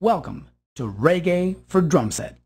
Welcome to Reggae for Drumset.